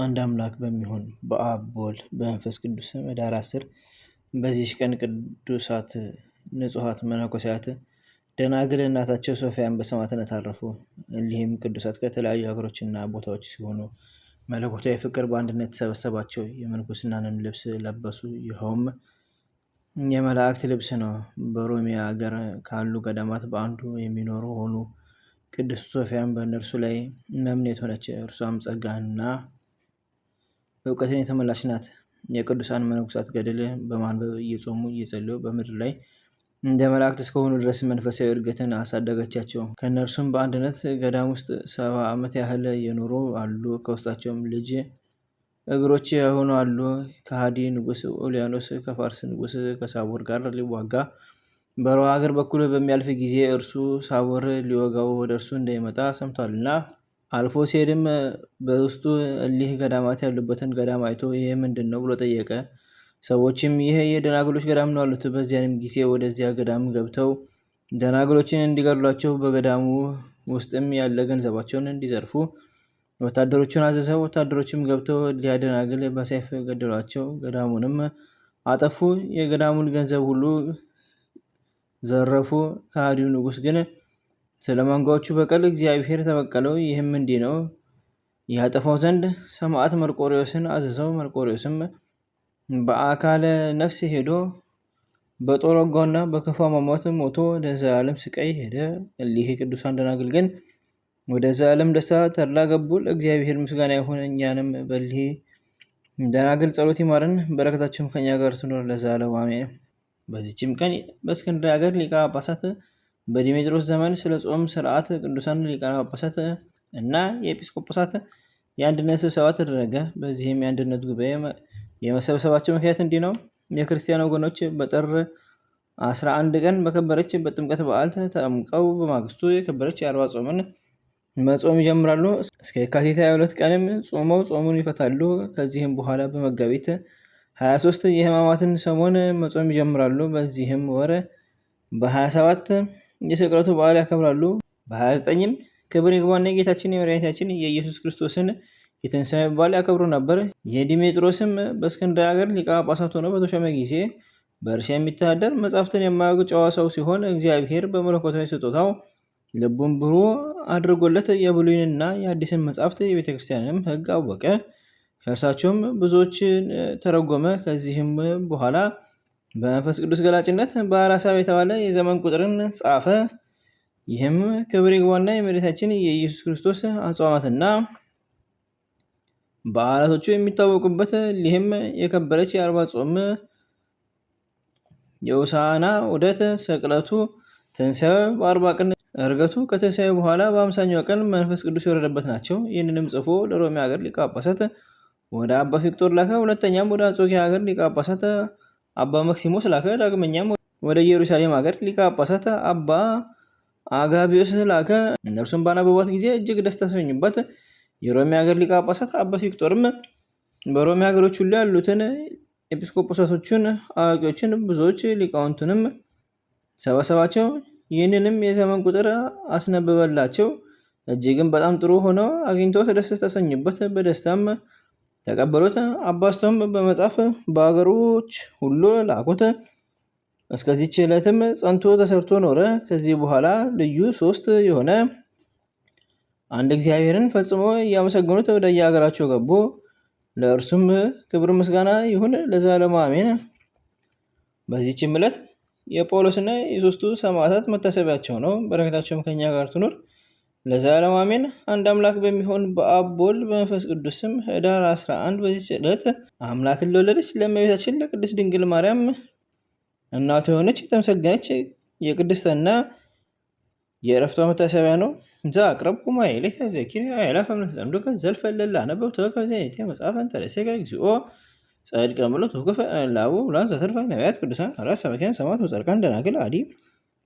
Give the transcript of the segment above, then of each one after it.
አንድ አምላክ በሚሆን በአብ በወልድ በመንፈስ ቅዱስ ስም ኅዳር አስር በዚች ቀን ቅዱሳት ንጹሐት መነኮሳት ደናግል እናታቸው ሶፊያን በሰማዕትነት አረፉ። እሊህም ቅዱሳት ከተለያዩ ሀገሮችና ቦታዎች ሲሆኑ መለኮታዊ ፍቅር በአንድነት ተሰበሰባቸው፣ የምንኩስናንም ልብስ ለበሱ። ይኸውም የመላእክት ልብስ ነው። በሮሚያ ሀገር ካሉ ገዳማት በአንዱ የሚኖሩ ሆኑ። ቅድስት ሶፊያን በእነርሱ ላይ መምኔት ሆነች። እርሷም ጸጋና በእውቀትን የተመላሽ ናት። የቅዱሳን መነኮሳት ገድል በማንበብ እየጾሙ እየጸለዩ በምድር ላይ እንደ መላእክት እስከሆኑ ድረስ መንፈሳዊ እድገትን አሳደገቻቸው። ከእነርሱም በአንድነት ገዳም ውስጥ ሰባ ዓመት ያህል የኖሩ አሉ። ከውስጣቸውም ልጅ እግሮች የሆኑ አሉ። ከሃዲ ንጉሥ ኦሊያኖስ ከፋርስ ንጉስ ከሳቦር ጋር ሊዋጋ በሮ ሀገር በኩል በሚያልፍ ጊዜ እርሱ ሳቦር ሊወጋው ወደ እርሱ እንዳይመጣ ሰምቷልና አልፎ ሲሄድም በውስጡ እሊህ ገዳማት ያሉበትን ገዳም አይቶ ይህ ምንድን ነው ብሎ ጠየቀ። ሰዎችም ይሄ የደናግሎች ገዳም ነው አሉት። በዚያንም ጊዜ ወደዚያ ገዳም ገብተው ደናግሎችን እንዲገድሏቸው በገዳሙ ውስጥም ያለ ገንዘባቸውን እንዲዘርፉ ወታደሮቹን አዘዘ። ወታደሮችም ገብተው እሊያ ደናግል በሰይፍ ገደሏቸው፣ ገዳሙንም አጠፉ። የገዳሙን ገንዘብ ሁሉ ዘረፉ። ከሃዲው ንጉስ ግን ስለ መንጋዎቹ በቀል እግዚአብሔር ተበቀለው። ይህም እንዲህ ነው፣ ያጠፋው ዘንድ ሰማዕት መርቆሪዎስን አዘዘው። መርቆሪዎስም በአካለ ነፍስ ሄዶ በጦር ወጋውና በክፉ አሟሟት ሞቶ ወደ ዘላለም ስቃይ ሄደ። እሊህ ቅዱሳን ደናግል ግን ወደ ዘላለም ደስታ ተድላ ገቡ። ለእግዚአብሔር ምስጋና ይሁን፣ እኛንም በሊህ ደናግል ጸሎት ይማርን፣ በረከታቸውም ከኛ ጋር ትኖር ለዘላለሙ አሜን። በዚችም ቀን በእስክንድርያ ሀገር ሊቀ ጳጳሳት በዲሜጥሮስ ዘመን ስለ ጾም ስርዓት ቅዱሳን ሊቃነ ጳጳሳት እና የኤጲስቆጶሳት የአንድነት ስብሰባ ተደረገ። በዚህም የአንድነት ጉባኤ የመሰብሰባቸው ምክንያት እንዲህ ነው። የክርስቲያን ወገኖች በጥር 11 ቀን በከበረች በጥምቀት በዓል ተጠምቀው በማግስቱ የከበረች የአርባ ጾምን መጾም ይጀምራሉ። እስከ የካቲት 22 ቀንም ጾመው ጾሙን ይፈታሉ። ከዚህም በኋላ በመጋቢት 23 የህማማትን ሰሞን መጾም ይጀምራሉ። በዚህም ወር በ27 የስቅለቱ በዓል ያከብራሉ። በ29ም ክብር ይግባና የጌታችን የመድኃኒታችን የኢየሱስ ክርስቶስን የትንሣኤ በዓል ያከብሩ ነበር። የዲሜጥሮስም በእስክንድርያ ሀገር ሊቀ ጳጳሳት ሆኖ በተሾመ ጊዜ በእርሻ የሚተዳደር መጻሕፍትን የማያውቅ ጨዋ ሰው ሲሆን እግዚአብሔር በመለኮታዊ ስጦታው ልቡን ብሩህ አድርጎለት የብሉይንና የአዲስን መጻሕፍት የቤተክርስቲያንንም ሕግ አወቀ። ከእርሳቸውም ብዙዎችን ተረጎመ። ከዚህም በኋላ በመንፈስ ቅዱስ ገላጭነት በአራሳብ የተባለ የዘመን ቁጥርን ጻፈ። ይህም ክብር ይግባውና የመድኃኒታችን የኢየሱስ ክርስቶስ አጽዋማትና በዓላቶቹ የሚታወቁበት ሊህም የከበረች የአርባ ጾም፣ የውሳና ውደት፣ ስቅለቱ፣ ትንሣኤው፣ በአርባ ቀን እርገቱ፣ ከትንሣኤ በኋላ በአምሳኛው ቀን መንፈስ ቅዱስ የወረደበት ናቸው። ይህንንም ጽፎ ለሮሚ ሀገር ሊቃጳሳት ወደ አባ ፊቅጦር ላከ። ሁለተኛም ወደ አንጾኪያ ሀገር ሊቃጳሳት አባ መክሲሞስ ላከ። ዳግመኛም ወደ ኢየሩሳሌም ሀገር ሊቀ ጳጳሳት አባ አጋቢዮስ ላከ። እነርሱም ባነበቧት ጊዜ እጅግ ደስ ተሰኙበት። የሮሚ ሀገር ሊቀ ጳጳሳት አባ ቪክጦርም በሮሚ ሀገሮች ሁሉ ያሉትን ኤጲስቆጶሳቶችን፣ አዋቂዎችን፣ ብዙዎች ሊቃውንቱንም ሰባሰባቸው። ይህንንም የዘመን ቁጥር አስነብበላቸው እጅግም በጣም ጥሩ ሆነው አግኝቶት ደስ ተሰኙበት። በደስታም ተቀበሉት። አባስተውም በመጻፍ በአገሮች ሁሉ ላኩት። እስከዚች ዕለትም ጸንቶ ተሰርቶ ኖረ። ከዚህ በኋላ ልዩ ሶስት የሆነ አንድ እግዚአብሔርን ፈጽሞ እያመሰገኑት ወደ የሀገራቸው ገቡ። ለእርሱም ክብር ምስጋና ይሁን ለዘላለሙ አሜን። በዚችም ዕለት የጳውሎስና የሶስቱ ሰማዕታት መታሰቢያቸው ነው። በረከታቸውም ከኛ ጋር ትኑር ለዘላለም አሜን። አንድ አምላክ በሚሆን በአብ በወልድ በመንፈስ ቅዱስም ህዳር 11 በዚች ዕለት አምላክን ለወለደች ለእመቤታችን ለቅድስት ድንግል ማርያም እናቱ የሆነች የተመሰገነች የቅድስትና የእረፍቷ መታሰቢያ ነው። እንዛ አቅረብኩ ማኅሌተ ዘኪር አእላፈ እምነተጸምዱከ ዘልፈለላ አነበብ ተከዘኔቴ መጽሐፈን ተደሴከ እግዚኦ ጸድቀ ምሎት ወክፈ ላቡ ላንሳ ነቢያት ቅዱሳን አራት ሰባኪያን ሰማት ወጸድቃን ደናግል አዲ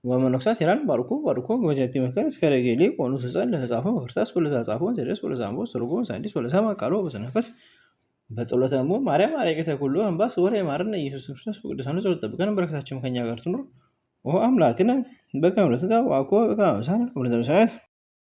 ወመነኮሳት ይላል ባርኮ ባርኮ ወጀቲ መከረ ከረጌሌ ቆኑ ስጸል ለተጻፈ መፍርታስ ወለዛጻፈውን ዘደስ ወለዛንቦ ስርጎ ሳንዲስ ወለሰማ ቃሎ በሰነፈስ በጸሎተ ደግሞ ማርያም አረቄተ ኩሉ አንባስ ወረ የማርነ ኢየሱስ ክርስቶስ በቅዱሳኑ ጸሎት ጠብቀን በረከታችን ከኛ ጋር ትኑር። ኦ አምላክነ በከመ ኅብረትከ ወአኮ በከመ አምሳልከ ወለዘበሰማያት